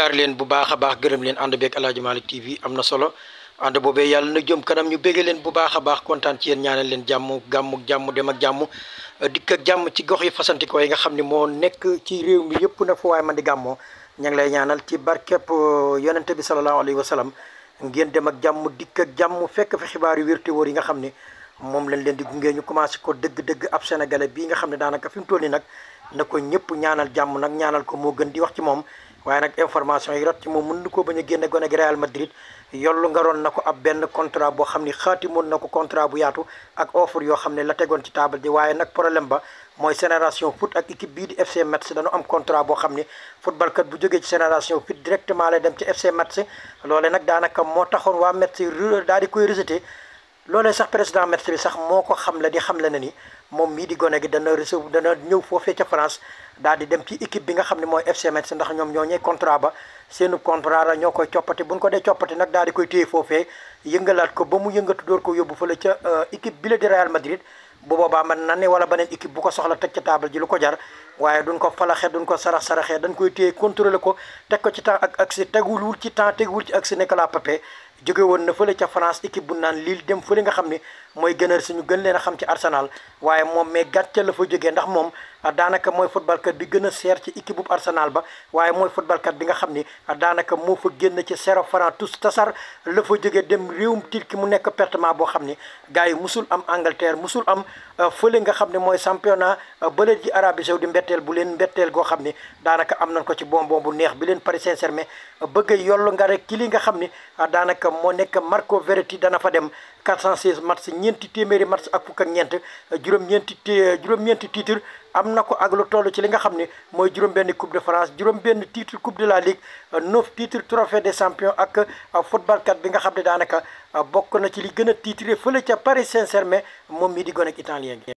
yaar leen bu baax a baax gërëm leen ànd beeg Aladji Malick TV am na solo ànd boobee yàlla na jëm kanam ñu béggee leen bu baax a baax kontaan ci yéen ñaanal leen jàmm gàmm jàmm dem ak jàmm dikk ak jàmm ci gox yi fasantikoo yi nga xam ne moo nekk ci yëpp nag fu waaye man di gàmmoo ña ngi lay ñaanal ci barkeb uh, yonente bi sallallahu alayhi wa sallam ngeen dem ak jàmm dikk ak jàmm fekk fi xibaar yu wér te wóor yi nga xam ne moom lañ leen di gungee ñu commencé ko dëgg-dëgg ab sénégalais bi nga xam ne daanaka fi mu toll nii nag na ko ñëpp ñaanal jàmm nag ñaanal ko moo gën di wax ci moom waaye nag information yi rot ci moom mën na koo bañ a génne gone gi Real Madrid yollu nga roon na ko ab benn contrat boo xam ni xaatimoon na ko contrat bu yaatu ak offre yoo xam ne la tegon ci taabal ji waaye nag problème ba mooy génération foot ak équipe bii di FC Metz dañu am contrat boo xam ne football kat bu jógee ci génération foot directement lay dem ci FC Metz loole nag daanaka moo taxoon waa Metz daal di koy rejeté loole sax président Metz bi sax moo ko xam la di xam la ne ni moom mii di gone gi dana recev dana ñëw foofee ca France daal di dem ci équipe bi nga xam ne mooy FC ndax ñoom ñoo ñee contrat ba seenu contrat la ñoo koy coppati buñ ko dee coppati nag daal di koy téye foofee yëngalaat ko ba mu yëngatu door ko yóbbu fële ca euh, équipe bi la di Real Madrid bu boobaa man na ne wala beneen équipe bu ko soxla teg ca table ji lu ko jar waaye duñ ko falaxe duñ ko sarax saraxee dañ koy téye contrôlé ko teg ko ci temps ak agsi teguwul ci temps teguwul ci agsi Nicolas Pepe jóge woon na fële ca France équipe bu naan Lille dem fële nga xam ni mooy gënal suñu gën leen a xam ci Arsenal waaye moom mais gàcce la fa jógee ndax moom daanaka mooy footballkat bi gën a seer ci équipe bu ba waaye mooy footballkat bi nga xam ni daanaka moo fa génn ci zéro franc tous tasar la fa jógee dem réewum ki mu nekk pertement boo xam ni gars yi musul am Angleterre musul am euh, fële nga xam ne mooy championnat euh, bële ji Arabie Saoudi mbett mbetteel bu leen mbetteel goo xam ni daanaka am nañ ko ci bonbon bu neex bi leen Paris Saint-Germain bëgg a yollu nga rek ki li nga xam ni ah, daanaka moo nekk Marco Verratti dana fa dem 416 match ñeenti téeméeri match ak fukk ak ñeent juróom-ñeenti juróom-ñeenti titre am na ko ak lu toll ci li nga xam ne mooy juróom-benn coupe de France juróom-benn titre coupe de la ligue neuf titre trophée des champions ak ah, football bi nga xam ne daanaka ah, bokk na ci li gën a titré fële ca Paris saint moom mii di gone